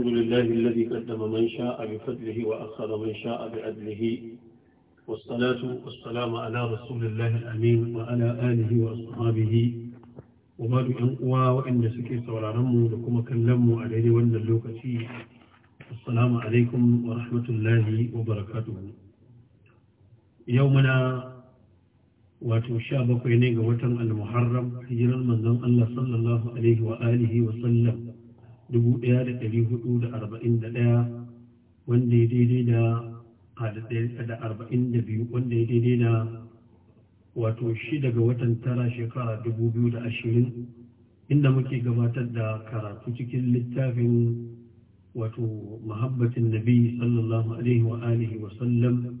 الحمد لله الذي قدم من شاء بفضله وأخر من شاء بعدله والصلاة والسلام على رسول الله الأمين وعلى آله وأصحابه وما بأنقوى وإن سكيت ولا رمو لكم كلموا عليه وإن اللوكتي السلام عليكم ورحمة الله وبركاته يومنا وتوشابك إنيك وتن المحرم هجر المنزل الله صلى الله عليه وآله وسلم 1441 wanda ya daidai da biyu wanda ya daidai da wato shi daga watan tara shekara 2020 inda muke gabatar da karatu cikin littafin wato muhabbatin nabi sallallahu alaihi wa alihi wa sallam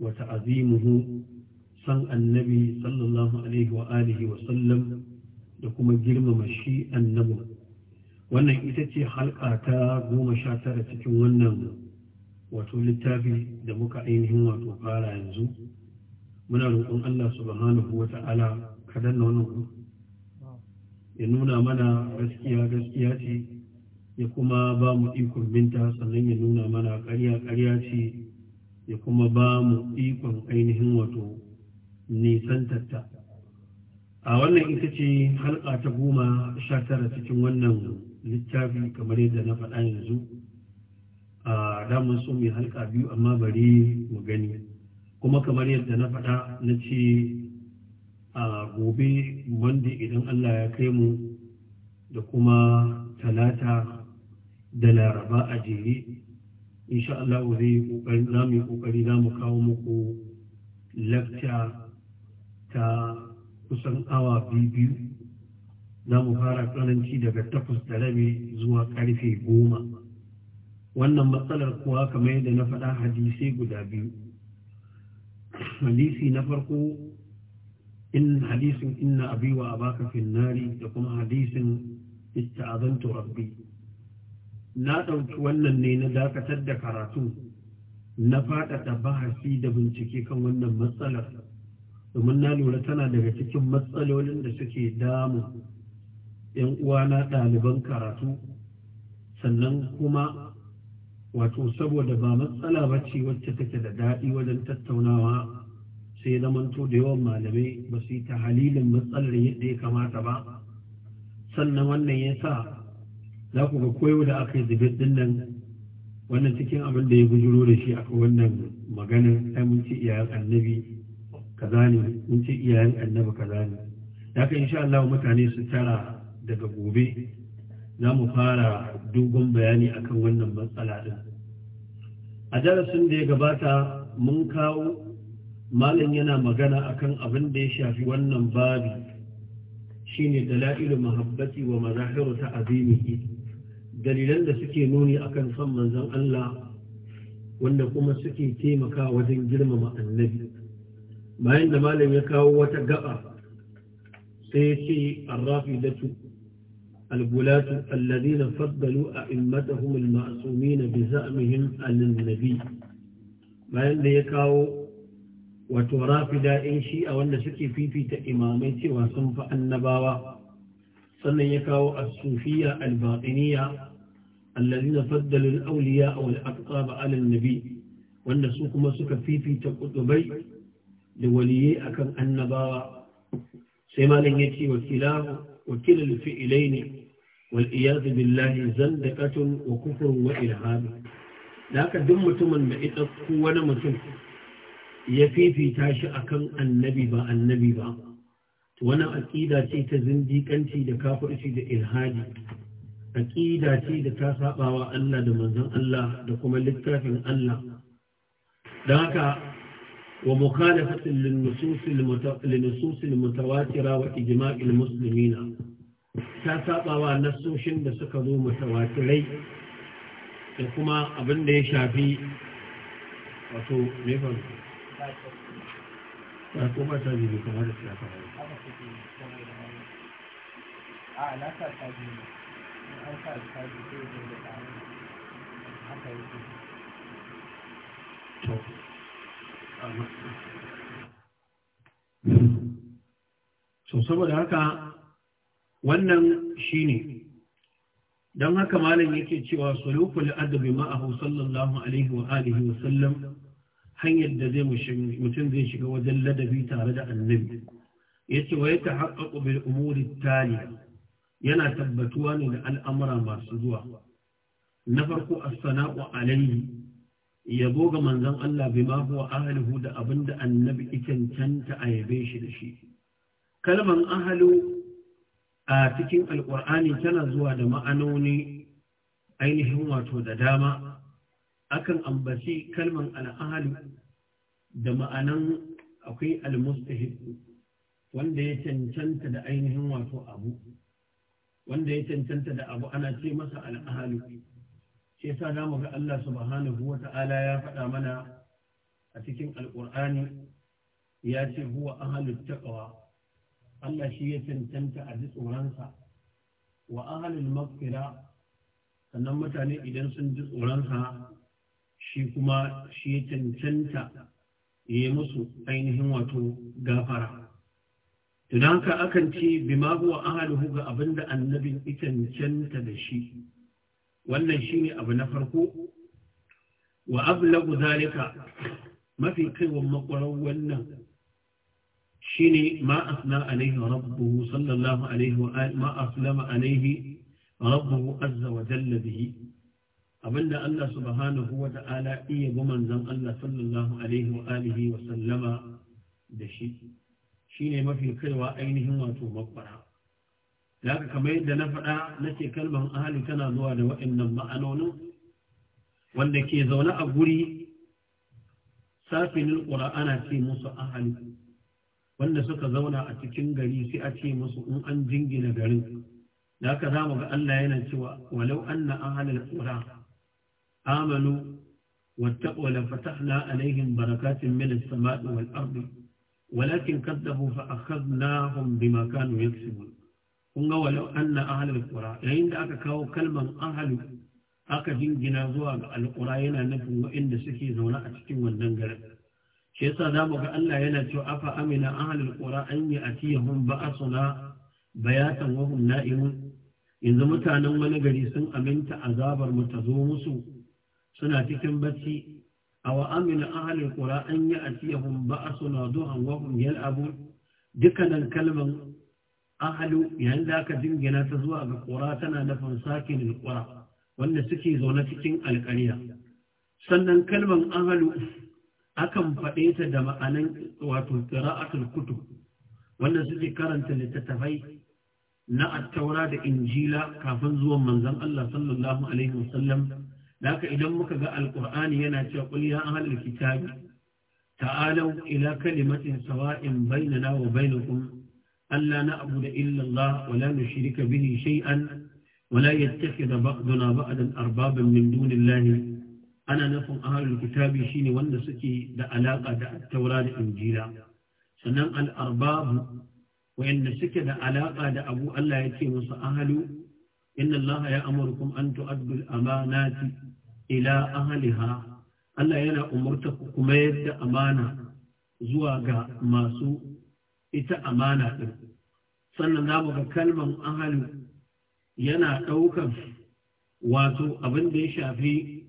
wa ta'azimuhu san annabi sallallahu alaihi wa alihi wa sallam da kuma girmama shi annabi wannan ita ce halka ta goma sha tara cikin wannan wato littafi da muka ainihin wato fara yanzu muna roƙon Allah subhanahu wa ta'ala kadan na wannan ya nuna mana gaskiya gaskiya ce ya kuma ba mu ikon binta sannan ya nuna mana ƙarya ƙarya ce ya kuma ba mu ikon ainihin wato nisan tatta a wannan ita ce halka ta goma sha tara cikin wannan littafi kamar yadda na faɗa yanzu a damar so mai halka biyu amma bari mu gani kuma kamar yadda na faɗa na ce a gobe wanda idan allah ya kai mu da kuma talata da laraba a jere insha Allah zai ƙoƙari za mu yi ƙoƙari za mu kawo muku lakta ta kusan awa biyu za mu fara karanci daga takwas da rabi zuwa karfe goma wannan matsalar kuwa kamar yadda na faɗa hadisai guda biyu hadisi na farko in hadisin inna abi wa abaka da kuma hadisin ista'azantu rabbi na ɗauki wannan ne na dakatar da karatu na faɗaɗa bahasi da bincike kan wannan matsalar domin na lura tana daga cikin matsalolin da suke damu ‘yan uwana ɗaliban karatu sannan kuma wato saboda ba matsala ba ce wacce take da daɗi wajen tattaunawa sai zamanto da yawan malamai ba su yi ta halilin matsalar yadda ya kamata ba sannan wannan ya sa za ku ga koyo da aka yi zubir nan wannan cikin abin da ya bujuro da shi aka wannan maganar ai mun ce iyayen annabi kaza ne mun ce iyayen annabi kaza ne da haka insha Allah mutane su tara daga gobe za mu fara dogon bayani akan wannan matsala ɗin a darasin da ya gabata mun kawo malam yana magana akan abin da ya shafi wannan babi shine dala'ilu mahabbati wa mazahiru ta azimihi dalilan da suke nuni akan son manzon Allah wanda kuma suke taimaka wajen girmama annabi bayan da malam ya kawo wata gaba sai ya ce datu. الولاة الذين فضلوا أئمتهم المعصومين بزعمهم عن النبي bayan da ya kawo wato rafida in shi'a wanda suke fifita imamai cewa sun fi annabawa sannan ya kawo as-sufiyya al-batiniyya allazina faddalu al-awliya wal aqtab ala nabi wanda su kuma suka fifita ƙuɗubai da waliyai akan annabawa sai malam yace wa kilahu وكلا الفئلين والإياذ بالله زندقة وكفر وإلهام لك دم تمن بإتق ونمتم يفيفي تاشي أكن النبي با النبي با وانا أكيدا تي تزنديك أنتي دكافر تي دإلهادي aƙida ce da ta saɓawa Allah da manzon Allah da kuma littafin Allah. Don haka ومخالفة للنصوص لنصوص المتواترة وإجماع المسلمين تساطا ونصوص بسكذو متواتري يقوم أبن دي شافي وتو ميفر تقوم أتاجي بكم هذا الشافي آه لا تأتاجي أو تأتاجي كيف يجب أن أتاجي Sau saboda haka wannan ne. don haka malam yake cewa sulukul adabi ma'ahu sallallahu alaihi wa alihi wa sallam hanyar da zai mutum zai shiga wajen ladabi tare da annabi Ya wa yata haqqaqu bil umuri taliya yana tabbatuwa ne da al'amura masu zuwa na farko a sanau alaihi yabo ga manzon Allah bima huwa ahlihu da abinda annabi ikin canta a yabe shi da shi kalman ahlu a cikin alqur'ani tana zuwa da ma'anoni ainihin wato da dama akan ambaci kalman al'ahlu da ma'anan akwai al-mustahib wanda ya cancanta da ainihin wato abu wanda ya cancanta da abu ana ce masa al'ahlu shi yasa za mu ga Allah subhanahu wa ta'ala ya faɗa mana a cikin alƙur'ani ya ce huwa ahalut taqwa Allah shi ya cancanta a ji tsoronsa wa ahalul maghfira sannan mutane idan sun ji tsoronsa shi kuma shi ya cancanta ya musu ainihin wato gafara idan ka akan ce bima huwa ahaluhu ga da annabin ita cancanta da shi wannan shi ne abu na farko wa ablagu zalika mafi kaiwan makwarar wannan shi shine ma asna alaihi rabbuhu sallallahu alaihi wa ma aslama alaihi rabbuhu azza wa jalla bihi abinda Allah subhanahu wa ta'ala iya bi manzon Allah sallallahu alaihi wa alihi wa sallama da shi shi ne mafi kaiwa ainihin wato makwara لك كما يدى نفعه نشي كلمة أهالي كنا دوالي وإنما أنونا وأنك إذا أقولي سافن القرآن في موسى أهالي وأن سكا زونا أتكنغلي في أتي موسى أن جنجنا بعلم لك ذاما قال لا ينسوا ولو أن أهل القرى آمنوا واتقوا لفتحنا عليهم بركات من السماء والأرض ولكن كذبوا فأخذناهم بما كانوا يكسبون kun ga walau anna ahlul qura yayin da aka kawo kalman ahlu aka jingina zuwa ga alqura yana nufin waɗanda suke zaune a cikin wannan garin shi yasa zamu ga Allah yana cewa afa amina ahlul qura an ya'tiyahum ba'asuna bayatan wa na'imun yanzu mutanen wani gari sun aminta azabar mu ta zo musu suna cikin bacci wa amina ahlul qura an ya'tiyahum ba'asuna duhan wa hum dukkanin kalman ahalu yayin da aka jingina ta zuwa ga kura tana nufin sakin kura wanda suke zaune cikin alƙarya sannan kalmar ahalu akan faɗe ta da ma'anan wato qira'atul kutub wanda suke karanta littattafai na attaura da injila kafin zuwan manzon Allah sallallahu alaihi wasallam haka idan muka ga alqur'ani yana cewa qul ya ahlul kitabi ta'alu ila kalimatin sawa'in bainana wa bainakum ألا نعبد إلا الله ولا نشرك به شيئا ولا يتخذ بعضنا بعضا أربابا من دون الله أنا نفهم أهل الكتاب شين والنسكي دا علاقة دا التوراة إنجيلا سنن الأرباب وإن سك دا علاقة دا أبو الله يتيم أهل إن الله يأمركم أن تؤدوا الأمانات إلى أهلها Allah yana umarta ku kuma yadda amana zuwa ga masu ita amana ɗin. Sannan za mu ga kalman yana ɗaukar wato abin da ya shafi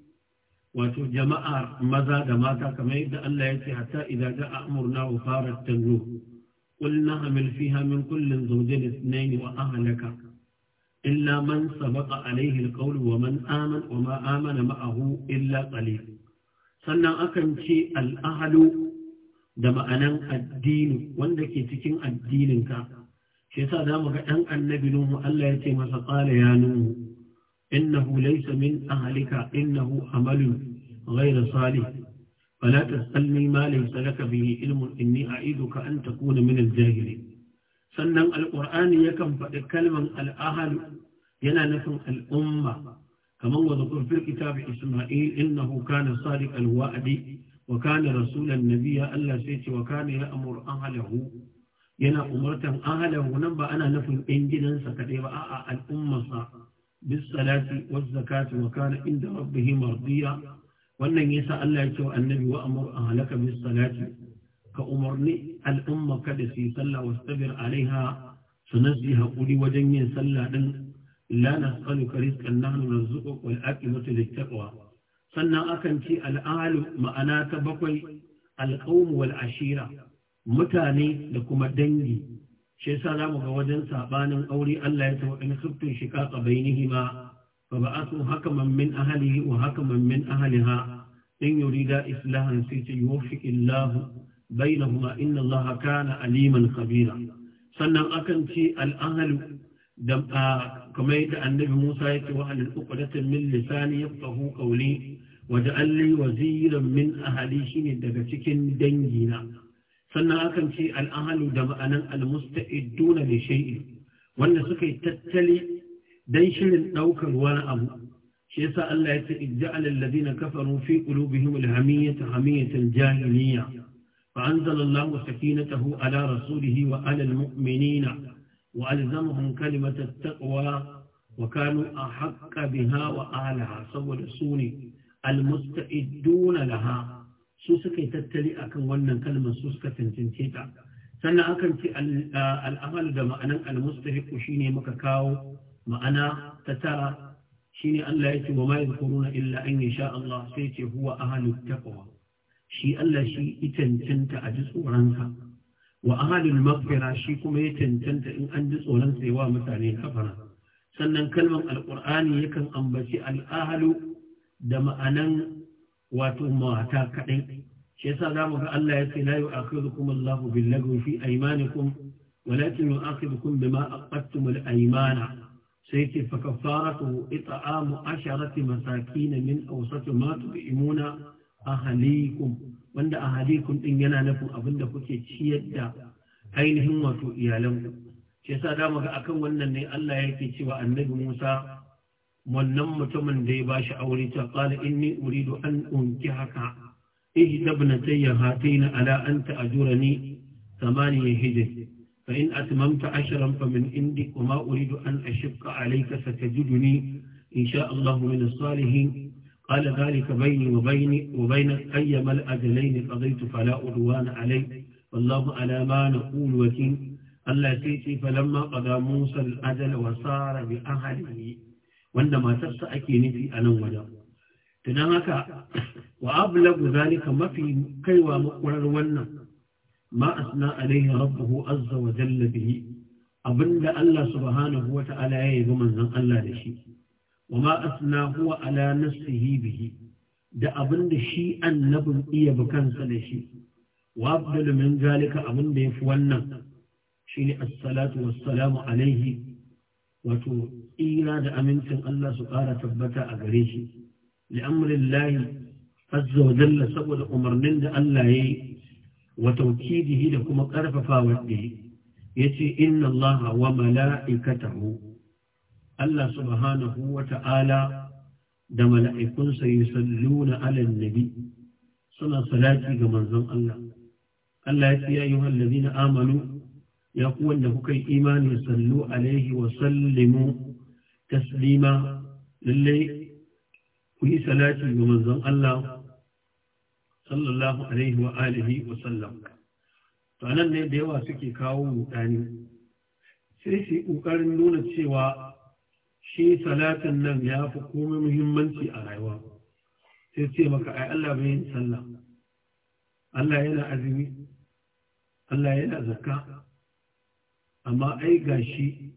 wato jama'ar maza da mata kamar yadda Allah ya ce hatta idza ja'a amruna wa farat tanru qulna hamil fiha min kulli zawjin ithnayn wa ahlaka illa man sabaqa alayhi alqawl wa man wa ma amana ma'ahu illa qalil sannan akan ce al ahlu da ma'anan addini wanda ke cikin addininka shi yasa za mu ga ɗan annabi Nuhu Allah ya ce masa qala ya Nuhu innahu laysa min ahlika innahu amalun ghayra salih fala tasalni ma laysa laka bihi ilmun inni a'iduka an takuna min al-jahilin sannan alqur'ani yakan faɗi kalman al-ahlu yana nufin al'umma kamar wa zakur fil kitab Isma'il innahu kana sadiq al-wa'di wa kana rasulan nabiyya Allah sai ce wa ya amur an halahu yana umartan an halahu nan ba ana nufin ɗan gidansa kaɗai ba a'a al'ummarsa bis wasu zakati wa inda rabbihi mardiya wannan yasa Allah ya ce wa annabi wa amur an halaka bis ka umarni al'umma da su yi sallah wastabir alaiha su nasi haƙuri wajen yin sallah ɗin la nas'aluka rizqan nahnu narzuquka wal aqimatu lit taqwa sannan akan ce al'alu ma'ana ta bakwai alƙawmu ashira mutane da kuma dangi shi yasa za mu ga wajen saɓanin aure Allah ya tawo in kuftun shiqaqa bainihima fa ba'athu hakaman min ahlihi wa hakaman min ahliha in yurida islahan sai ta yuwaffiq Allah bainahuma inna Allah kana aliman khabira sannan akan ce al'ahlu da ah, كما يدعى النبي موسى يتوى للأقدة من لساني يفقه قولي وجعل لي وزيرا من daga cikin dangi na. sannan akan ce al'ahalu da ma'anan almusta'iduna da shai'i wanda suka yi tattali don shirin ɗaukar wani abu shi yasa Allah ya ce ijja'al alladhina kafaru fi qulubihim alhamiyata hamiyatan jahiliya fa anzala Allahu sakinatahu ala rasulihi wa ala almu'minina وألزمهم كلمة التقوى وكانوا أحق بها وأهلها صور سوني المستئدون لها سوسك تتلي أكن ونن كلمة سوسك تنتنتيتا سنة أكن في الأمل دم أنا المستحق شيني مككاو معنا تترى شيني أن لا يتي وما يذكرون إلا أن يشاء الله سيتي هو أهل التقوى شي ألا شي إتنتنت أجزء عنها wa ahalul maghfira shi kuma ya cancanta in an tsoron wa mutane kafara sannan kalman alkur'ani yakan ambaci al'ahalu da ma'anan wato mata kaɗai shi yasa za mu ga Allah ya ce la yu'akhidhukum Allahu bil lagwi fi aymanikum walakin yu'akhidhukum bima aqadtum al aymana sai ce fa kafaratu it'amu asharati masakin min awsat ma tu'imuna ahalikum wanda ahalikum din yana nufin abinda kuke ciyar da ainihin wato iyalanku shi yasa da a akan wannan ne Allah yake cewa annabi Musa wannan mutumin da ya bashi aure ta qala inni uridu an unkihaka ihda ibnatayya hatain ala an ta'jurani thamaniya hijr fa in atmamta ashran fa min indi wa ma uridu an ashqa alayka satajiduni in sha Allah min as-salihin قال ذلك بيني وبيني وبينك أيما الأجلين قضيت فلا أدوان علي والله على ما نقول وكيل Allah sai ce falamma qada Musa al-ajala wa sara bi ahlihi wanda matarsa ake nufi a nan wajen tunan haka wa ablagu zalika mafi kaiwa makwarar wannan ma asna alaihi rabbuhu azza wa jalla bihi abinda Allah subhanahu wa ta'ala ya yi manzon Allah da shi wa ma asna huwa ala nafsihi bihi da abinda shi annabin iya bukansa da shi wa abdul min zalika abinda yafi wannan shine as-salatu salamu alaihi wato ina da amincin Allah su ƙara tabbata a gare shi li'amrillahi azza wa jalla saboda umarnin da Allah yayi wa tawkidihi da kuma karfafawa Ya yace inna Allah wa mala'ikatahu Allah subhanahu wa ta'ala da mala'ikunsa yusalluna ala nabi suna salati ga manzon Allah Allah ya ce ya ayyuhal ladina amanu ya ku wanda kuka yi imani sallu alaihi wa sallimu taslima lallai ku yi salati ga manzon Allah sallallahu alaihi wa alihi wa sallam to anan ne da yawa suke kawo mutane sai su kokarin nuna cewa shi salatin nan ya fi komai muhimmanci a rayuwa sai ce maka ai Allah bai yin sallah Allah yana azumi Allah yana zakka amma ai gashi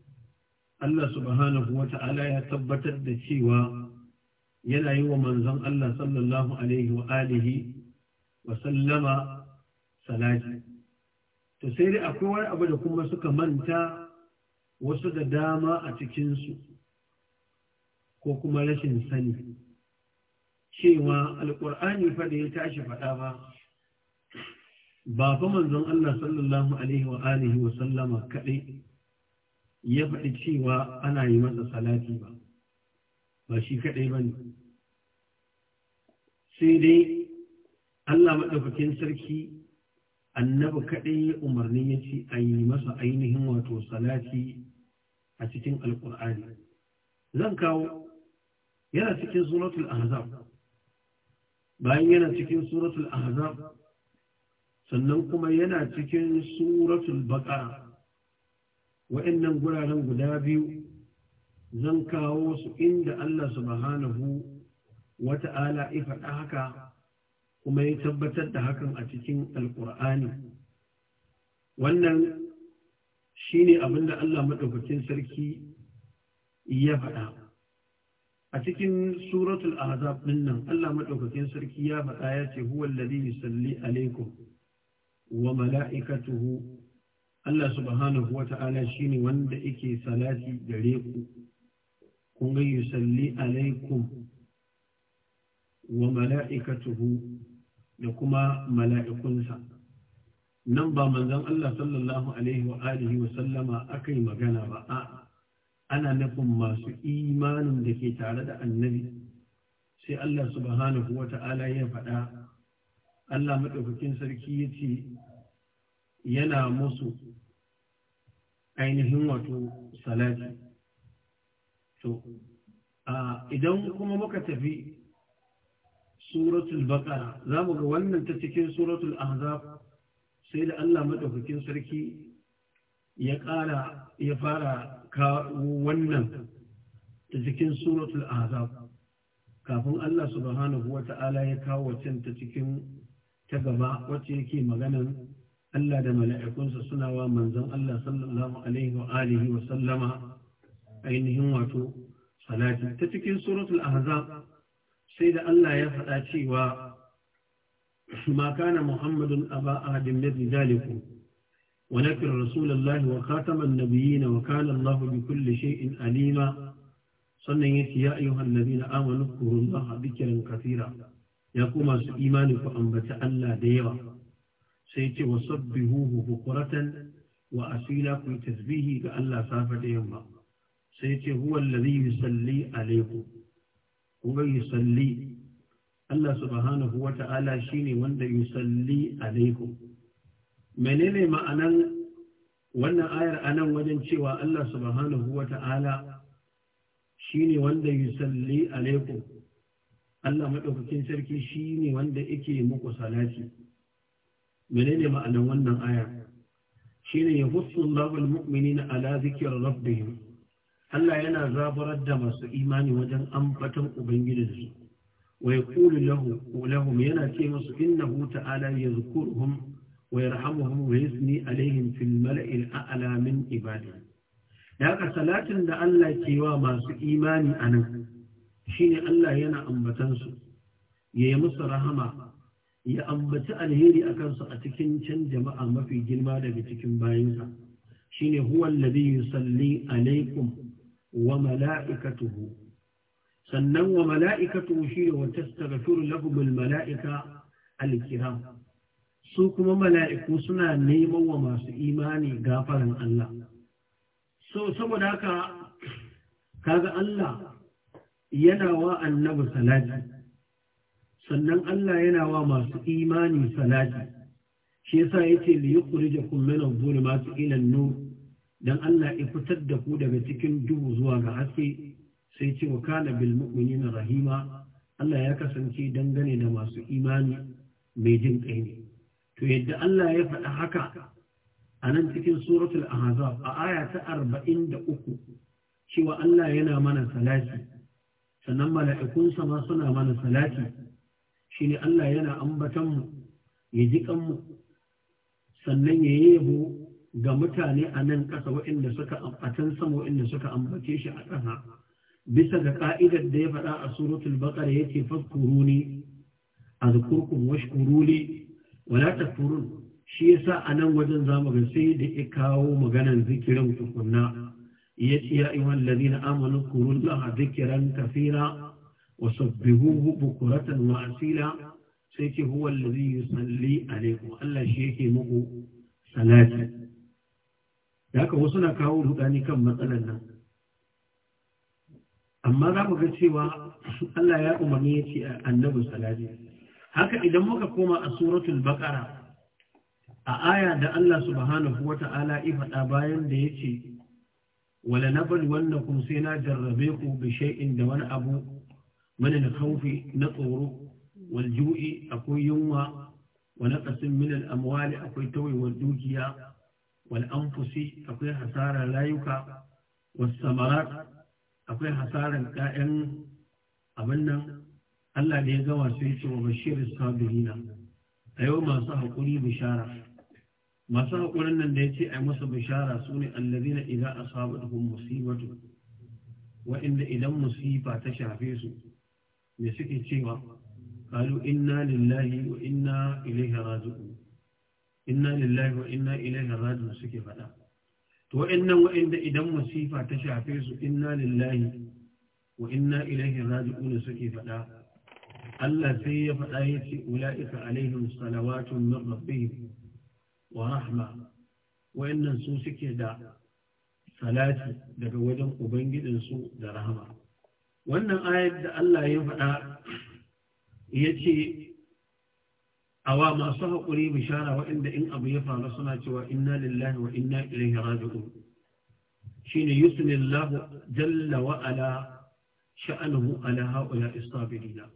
Allah subhanahu wa ta'ala ya tabbatar da cewa yana yi wa manzon Allah sallallahu alaihi wa alihi wa sallama salati to sai dai akwai wani abu da kuma suka manta wasu da dama a cikinsu ko kuma rashin sani cewa alƙur'ani fa da ya tashi faɗa ba ba fa manzon Allah sallallahu alaihi wa alihi wa sallama kaɗai ya faɗi cewa ana yi masa salati ba ba shi kaɗai ba ne sai dai Allah maɗaukakin sarki annabi kaɗai ya umarni ya ce a yi masa ainihin wato salati a cikin alƙur'ani zan kawo yana cikin suratul ahzab bayan yana cikin suratul ahzab sannan kuma yana cikin suratul baqara wa'annan guraren guda biyu zan kawo su inda Allah subhanahu wata'ala ya faɗa haka kuma ya tabbatar da hakan a cikin alƙur'ani wannan shine abin da Allah maɗaukakin sarki ya faɗa a cikin suratul ahzab din nan Allah maɗaukakin sarki ya faɗa ya ce huwa alladhi yusalli alaikum wa mala'ikatuhu Allah subhanahu wa ta'ala shine wanda yake salati gare ku kun ga alaikum wa mala'ikatuhu da kuma mala'ikunsa nan ba manzon Allah sallallahu alaihi wa alihi wa sallama yi magana ba a ana nufin masu imanin da ke tare da annabi sai Allah subhanahu wa ta'ala ya faɗa Allah maɗaukakin sarki ya ce yana musu ainihin wato salati to idan kuma muka tafi suratul baqara za mu ga wannan ta cikin suratul ahzab sai da Allah madaukakin sarki ya ƙara ya fara kawo wannan ta cikin suratul ahzab kafin Allah subhanahu wata'ala ya kawo wacce ta cikin ta gaba wacce yake maganan Allah da mala’ikunsa suna wa manzon Allah sallallahu ainihin wato salati ta cikin suratul ahzab sai da Allah ya faɗa cewa ma Muhammadu muhammadun aba adin da zaliku wa rasulallah wa khataman nabiyina wa kana Allah bi kulli shay'in alima sannan yake ya ayyuhan nabiyina amanu kurullah bikirin kafira ya kuma su imani ku ambaci Allah da yawa sai ce wa sabbihuhu bukuratan wa asila ku tasbihi ga Allah safa da yamma sai ce huwa allazi yusalli alaikum kuma yusalli Allah subhanahu wa ta'ala shine wanda yusalli alaikum menene ma'anan wannan ayar anan wajen cewa Allah subhanahu wa ta'ala shine wanda yusalli alaikum Allah madaukakin sarki shine wanda yake muku salati menene ma'anar wannan aya shine yahussu Allahu almu'minina ala zikri rabbihim Allah yana zaburar da masu imani wajen ambatan ubangijinsu Wai yaqulu lahu lahum yana ce musu innahu ta'ala yazkuruhum Wai yarhamuhum wa yusni alaihim fil mala'il a'la min ibadihi da haka salatin da Allah ke wa masu imani anan shine Allah yana ambatansu ya yi musu rahama ya ambaci alheri a kansu a cikin can jama'a mafi girma daga cikin bayansa shine huwan alladhi yusalli alaikum wa mala'ikatuhu sannan wa mala'ikatuhu shine wa tastaghfiru lahum al mala'ika alkiram su kuma mala'iku suna neman wa masu imani gafaran Allah so saboda haka kaga Allah yana wa annabi salati sannan Allah yana wa masu imani salati shi yasa yace li yukhrijakum min adh-dhulumati ila an-nur dan Allah ya fitar da ku daga cikin duhu zuwa ga haske sai ce wa kana bil mu'minina rahima Allah ya kasance dangane da masu imani mai jin kai to yadda Allah ya faɗa haka a nan cikin suratul ahzab a aya ta 43 cewa Allah yana mana salati sannan mala'ikunsa ma suna mana salati shine Allah yana ambatanmu, mu ya ji kanmu sannan ya yebo ga mutane a nan ƙasa waɗanda suka ambatan sama waɗanda suka ambace shi a ƙasa bisa ga ƙa'idar da ya faɗa a suratul baqara yace fadkuruni azkurkum washkuruli wala takfurun shi yasa a nan wajen zamu ga sai da ya kawo maganar zikirin tukunna yace ya ayyuhal ladina amanu kurullaha zikran kaseera وسبهوه بكرة وأسيلا سيتي هو الذي يصلي عليكم ألا شيكي kawo صلاة ذاك وصنا كاول هداني كم مثلا amma za mu ga cewa Allah ya umarni ya ce annabi salati haka idan muka koma a suratul baqara a aya da Allah subhanahu Ta'ala ya faɗa bayan da yace wala nabal wannakum sai na jarrabe ku bi shay'in da wani abu mana da na tsoro waljui akwai yunwa wa na ƙasin minal amwali akwai tawaiwar dukiya wal anfusi akwai hasarar layuka wal samarat akwai hasarar ƙa'yan abin nan Allah ne ya gama sai yi cewa bashirin sabirina a yau masu haƙuri bishara masu haƙurin nan da ya ce a masa bishara su ne allazina idan asabatuhum musibatu wa inda idan musiba ta shafe su da suke cewa kalu inna lillahi wa inna ilaihi inna lillahi wa inna ilaihi suke fada to wa'annan wa'anda idan masifa ta shafe su inna lillahi wa inna ilaihi suke fada Allah sai ya faɗa fada yace ulaika alaihim salawatun min rabbihim wa rahma wa'annan su suke da salati daga wajen ubangidin su da rahama wannan ayar da Allah ya faɗa ya ce awa masu haƙuri bishara waɗanda in abu ya faru suna cewa inna lillahi wa inna ilaihi raji'un shine yusnillahu jalla wa ala sha'anuhu ala haula istabirina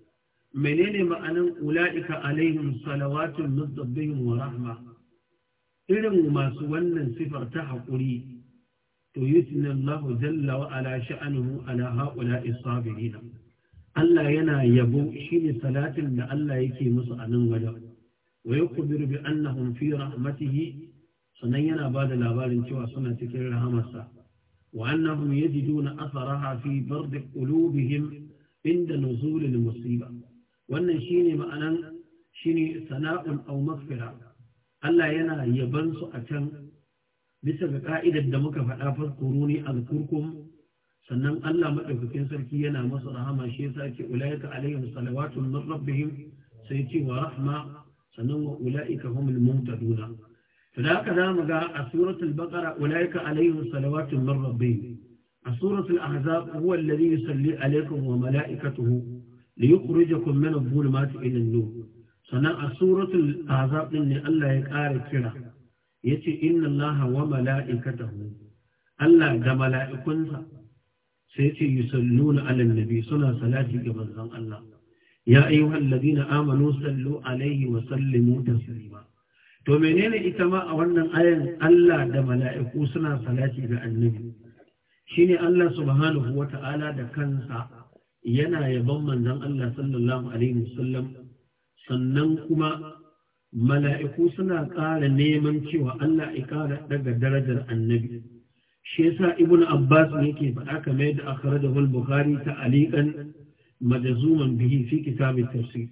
menene ma'anan ula'ika alaihim salawatun min wa rahma irin masu wannan sifar ta haƙuri to yusni Allah jalla wa ala sha'anuhu ala haula isabirin Allah yana yabo shine talatin da Allah yake musu a nan wajen wa yakbir bi annahum fi rahmatihi sannan yana ba da labarin cewa suna cikin rahamarsa wa annahum yajiduna atharaha fi bardi qulubihim inda nuzul musiba wannan shine ma'anan shine sana'un aw maghfira Allah yana yabansu a can bisa ga ka'idar da muka faɗa farkuru ne azkurkum sannan Allah madaukakin sarki yana masa rahama shi yasa ce ulaika alaihim salawatun min rabbihim sai ce wa rahma sannan wa ulaika humul muhtaduna to da haka zamu ga a suratul baqara ulaika alaihim salawatun min rabbihim a suratul ahzab huwa alladhi yusalli alaikum wa malaikatuhu ليخرجكم من Sannan إلى النور سنة سورة ne Allah ya ƙara kira. ce inna allaha wa mala'ikatahu Allah da mala'ikunsa sai ce yusalluna ala nabi suna salati ga manzan Allah ya ayyuhal na Amana, sallu alaihi wa sallimu taslima to menene ita ma a wannan ayan Allah da mala'iku suna salati ga annabi shine Allah subhanahu wa ta'ala da kansa yana yabon manzan Allah sallallahu alaihi wasallam sannan kuma mala'iku suna ƙara neman cewa Allah ya ƙara daga darajar annabi shi yasa ibn abbas yake faɗa kamar da akhrajahu al-bukhari ta aliqan majazuman bihi fi kitab tafsir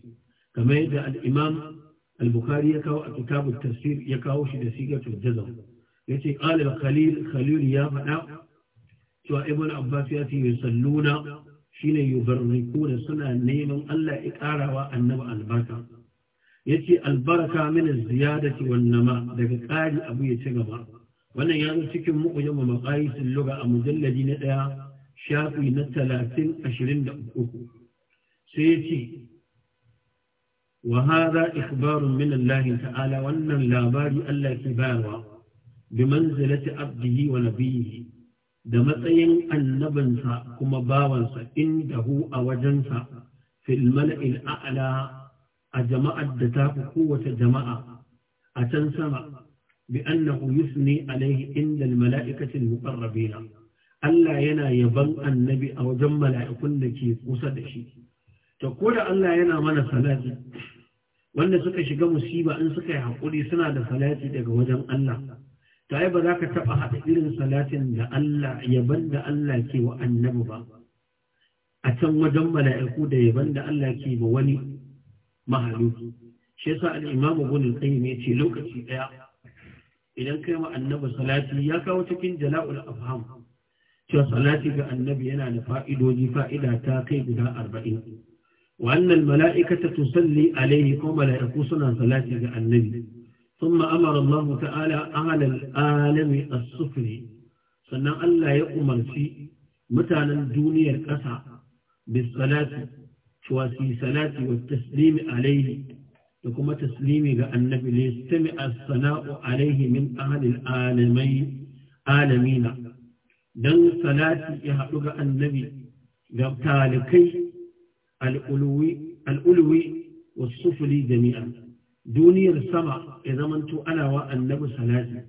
kamar da al-imam al-bukhari ya kawo a kitabun tafsir ya kawo shi da sigatul jazm yace ce al-khalil khalil ya faɗa cewa ibn abbas ya ce yusalluna shine da suna neman Allah ya ƙarawa annabi albarka yace albaraka min ziyadati wan nama daga ƙari abu ya ci gaba wannan ya zo cikin mu'jam maqayis al-lugha a mujalladi na ɗaya shafi na 30 23 sai yace wa hadha ikhbarun min Allah ta'ala wannan labari Allah ke bayarwa bi manzilati abdihi wa nabiyhi da matsayin annabinsa kuma bawansa indahu a wajensa fil mala'il a'la a jama'ar da ta fi kowace jama'a a can sama bi annahu yusni alaihi inda mala'ikatin muqarrabina Allah yana yaban annabi a wajen mala'ikun da ke kusa da shi to ko da Allah yana mana salati wanda suka shiga musiba in suka yi hakuri suna da salati daga wajen Allah ta yi ba za ka taɓa haɗa irin salatin da Allah yaban da Allah ke wa annabi ba a can wajen mala'iku da yaban da Allah ke ba wani mahaluki shi yasa al-imam ibn qayyim yace lokaci daya idan kai ma annabi salati ya kawo cikin jala'ul afham cewa salati ga annabi yana da fa'idoji fa'ida ta kai guda 40 wannan mala'ikata tusalli alaihi ko mala'iku suna salati ga annabi ثم أمر الله تعالى أهل العالم السفلي sannan Allah ya umarci mutanen duniyar ƙasa bisalati cewa salati wa taslimi alaihi da kuma taslimi ga annabi ne stami sanau alaihi min ahlil alamai alamina dan salati ya haɗu ga annabi ga talikai al'ulwi al'ulwi sufuri jami'a duniyar sama ya zamanto ana wa annabi salati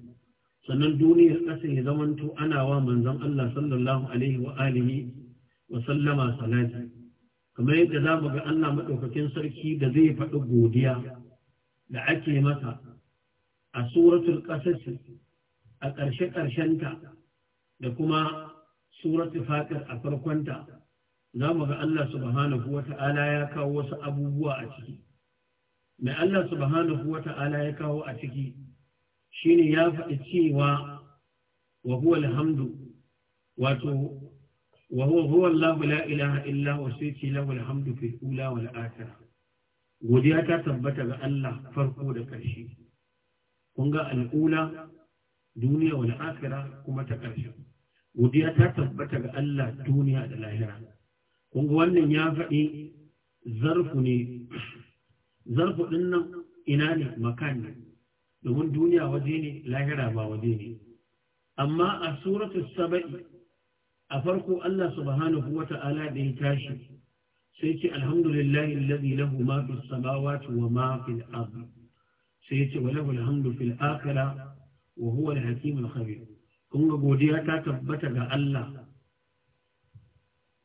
sannan duniyar ƙasa ya zamanto ana wa manzon Allah sallallahu alaihi wa alihi wa sallama salati kamar yadda za mu ga Allah maɗaukakin sarki da zai faɗi godiya da ake masa a suratul ƙasas a ƙarshe-ƙarshenta da kuma suratul fatir a farkonta za mu ga Allah subhanahu wa ta'ala ya kawo wasu abubuwa a ciki. Mai Allah subhanahu wa ta'ala ya kawo a ciki shine ya faɗi cewa wa huwa alhamdu wato وهو هو الله لا إله إلا هو سيتي له الحمد في الأولى والآخرة وديعتا تبتا الله فرقو لكرشي كونغا الأولى دنيا والآخرة كما تكرشي وديعتا تبتا الله دنيا والآخرة كونغا وانا يافعي ظرفني ظرف إنه إناني مكاني domin duniya waje ne lahira ba waje ne amma a suratul saba'i a farko Allah subhanahu wa ta'ala da tashi sai ce alhamdulillahi alladhi lahu ma fis samawati wa ma fil ardi sai ce wa lahu alhamdu fil akhirah wa huwa al-hakim al kun ga godiya ta tabbata ga Allah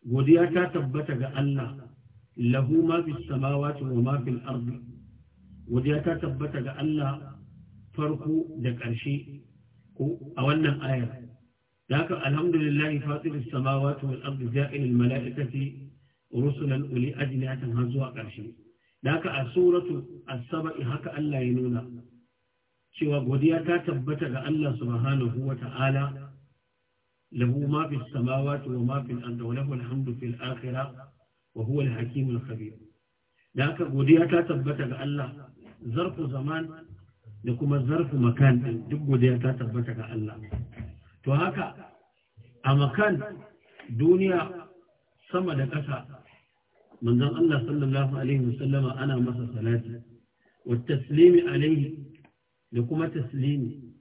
godiya ta tabbata ga Allah lahu ma fis samawati wa ma fil ardi godiya ta tabbata ga Allah farko da ƙarshe a wannan ayar لكن الحمد لله فاطر السماوات والأرض جائل الملائكة رسلا أولي أجنحة هزوا قرشي لكن سورة السبع هكا ألا ينونا سوى قديا تبتا الله سبحانه وتعالى له ما في السماوات وما في الأرض وله الحمد في الآخرة وهو الحكيم الخبير لكن قديا تبتا الله ظرف زمان لكم ظرف مكان دق قديا تبتا الله to haka a makan duniya sama da ƙasa manzon Allah sallallahu alaihi wasallama ana masa salati wa taslimi alaihi da kuma taslimi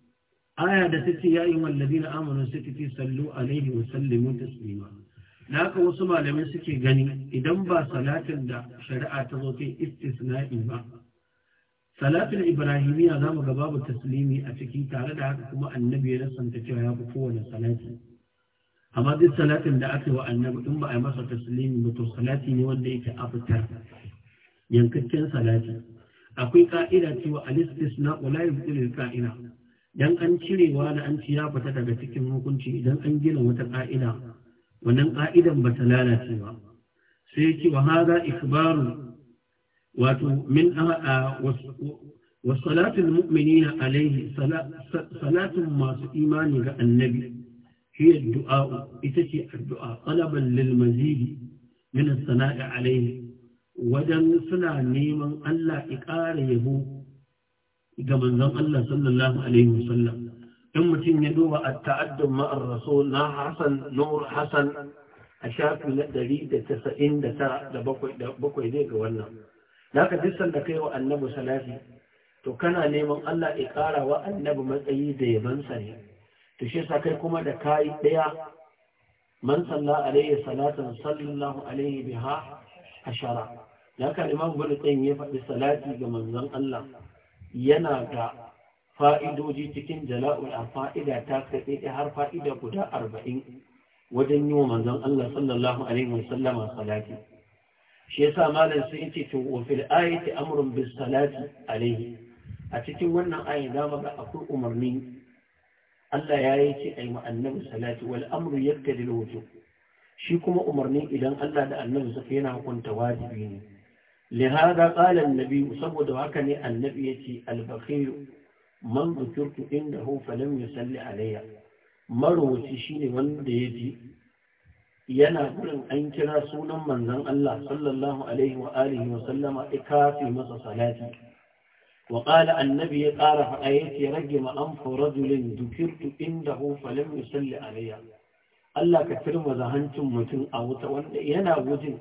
aya da take ya yi wallazina amanu suka ce sallu alaihi wa sallimu taslima haka wasu malamai suke gani idan ba salatin da shari'a ta zo ta istisna'i ba salatul ibrahimiyya za mu ga babu taslimi a ciki tare da haka kuma annabi ya nasanta cewa ya fi kowane salati amma duk salatin da aka wa annabi in ba a yi masa taslimi ba to salati ne wanda yake afitar yankakken salati akwai ka'ida cewa na wala yubtilil ka'ida dan an cirewa da an ci ya fita daga cikin hukunci idan an gina wata ka'ida wannan ka'idan ba ta lalace ba sai ya ce wa haza ikbaru wato min wa salatul mu'minina alaihi salatun masu imani ga annabi hiya du'a ita ce addu'a talaban lil mazidi min as-sana'i wajen suna neman Allah ya ƙara yabo ga manzon Allah sallallahu alaihi in mutum ya duba at-ta'addum ma'ar rasul na hasan nur hasan a shafi na ɗari da 197 zai ga wannan naka duk da kai wa annabi salati to kana neman Allah ya ƙara wa annabi matsayi da yabansa ne to shi sa kai kuma da yi ɗaya! man salla alaihi salatan sallallahu alaihi biha ashara naka imam bin qayyim ya faɗi salati ga manzon Allah yana da fa'idoji cikin jala'ul fa'ida ta kai har fa'ida guda arba'in wajen yi wa manzon Allah sallallahu alaihi wasallama salati shi yasa malam sun yace to wa fil ayati amrun bis salati alayhi a cikin wannan ayin zamu ga akwai umarni Allah ya yi ce ai ma annabi salati wal amru yaktadi al wujub shi kuma umarni idan Allah da annabi suka yana hukunta wajibi ne lihada qala annabi saboda haka ne annabi yace al bakhil man dhukirtu indahu falam yusalli alayya marwaci shine wanda yaji yana gurin an kira sunan manzon Allah sallallahu alaihi wa alihi wa sallama ikafi masa salati wa annabi ya qara fa ayati rage an fa rajulin dukirtu indahu falam yusalli alayya Allah ka tirmaza hancin mutum a wuta wanda yana gudun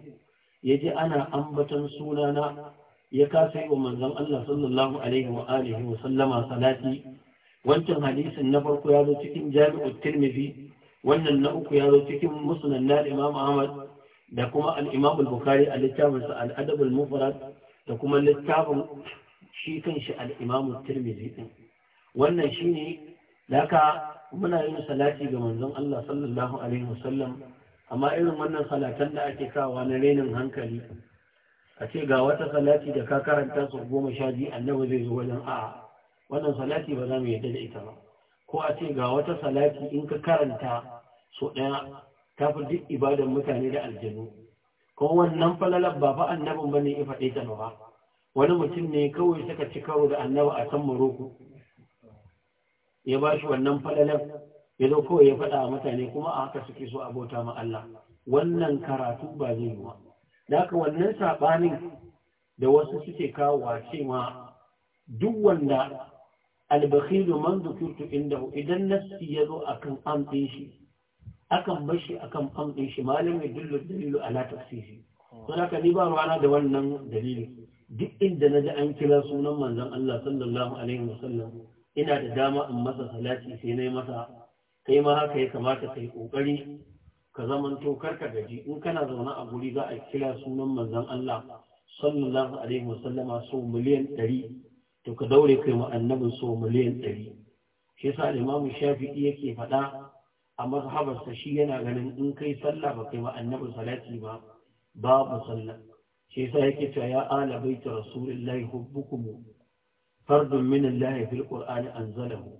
ji ana ambaton sunana ya kasa yiwa wa manzon Allah sallallahu alaihi wa alihi wa sallama salati wancan hadisin na farko ya zo cikin jami'ut tirmidhi wannan na uku ya zo cikin musnad na Imam Ahmad da kuma al al-Bukhari a littafin sa al da kuma littafin shi kanshi al-Imam at-Tirmidhi din wannan shine laka muna yin salati ga manzon Allah sallallahu alaihi wasallam amma irin wannan salatan da ake kawa na renin hankali a ce ga wata salati da ka karanta su goma sha biyu annabi zai zo wajen a'a wannan salati ba za mu yadda da ita ba ko a ce ga wata salati in ka karanta so ɗaya ta fi duk ibadar mutane da aljanu ko wannan falalar ba fa annabin bane ya faɗe ta ba wani mutum ne kawai suka ci karo da annaba a san maroko ya ba shi wannan falalar ya zo kawai ya faɗa a mutane kuma a haka suke so abota ma Allah wannan karatu ba zai yi ba da haka wannan saɓanin da wasu suke kawo cewa duk wanda albakhilu man dukurtu indahu idan nafsi ya zo akan amfin shi akan bashi akan amɗin shi malam ya dillu, dalilu ala tafsiri hmm. don haka ni ba rana da wannan dalili duk inda na ji an kira sunan manzon Allah sallallahu alaihi wasallam ina da dama in masa salati sai na yi masa kai ma haka ya kamata ka yi kokari ka zaman to karka gaji in kana zaune a guri za a kira sunan manzon Allah sallallahu alaihi wasallama so miliyan ɗari to ka daure kai mu annabin so miliyan ɗari shi yasa imamu shafi'i yake faɗa a mazhabarsa shi yana ganin in kai sallah ba kai wa annabi salati ba babu sallah shi yasa yake cewa ya ala baita rasulillahi hubbukum fardun min Allah fil qur'an anzalahu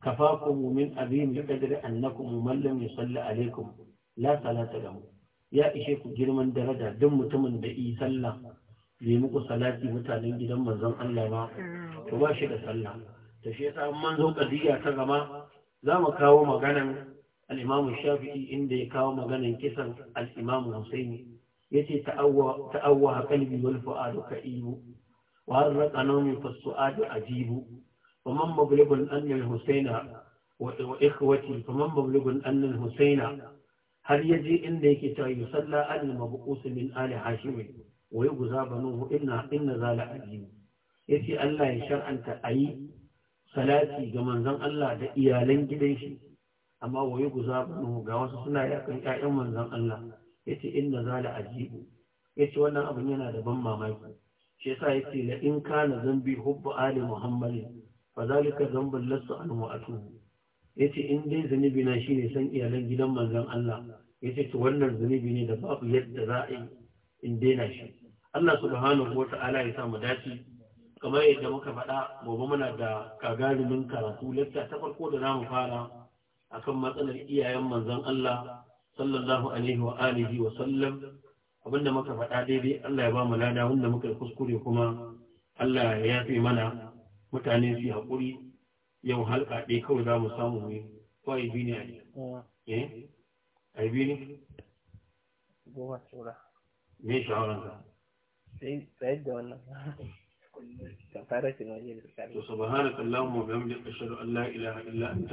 kafakum min abin liqadri annakum man lam yusalli alaykum la salata lahu ya ishe ku girman daraja duk mutumin da yi sallah bai muku salati mutanen gidan manzon Allah ba to ba shi da sallah to shi yasa manzo kadiya ta gama za mu kawo maganan Al'imamin shafi'i inda ya kawo maganin kisan al'imamu husaini ya ce ta'awwa a kalbi wal fa'adu ka ibu wa har raka nomi fasu'adu a jibu faman mabligun annal husaina wa ikhwati faman mabligun annal husaina har ya je inda yake ta yi salla an mabukusu min ali hashimi wa yi guza banu inna inna zala ajibu ya ce allah ya shar'anta a yi salati ga manzon allah da iyalan gidan shi amma waye guza ga wasu suna yakan ƴaƴan manzon Allah yace inna zala ajibu yace wannan abin yana da ban mamaki shi yasa yace la in kana zambi hubbu ali muhammadin fa zalika zambul lasu an mu'atu yace in dai zunubi na shine san iyalan gidan manzon Allah yace to wannan zunubi ne da babu yadda za a yi in daina shi Allah subhanahu wata'ala ya sa mu dace kamar yadda muka faɗa gobe muna da kagarumin karatu lacca ta farko da zamu fara akan matsalar iyayen manzon Allah sallallahu alaihi wa alihi wa sallam abinda muka faɗa daidai Allah ya ba mu lada wanda muka kuskure kuma Allah ya yafe mana mutane su haƙuri yau halka ɗaya kawai za mu samu ne ko bi ne eh, eh? bi ne goma shura me shawaran sai sai da wannan كفارة المجلس سبحانك اللهم وبحمدك أشهد أن لا إله إلا أنت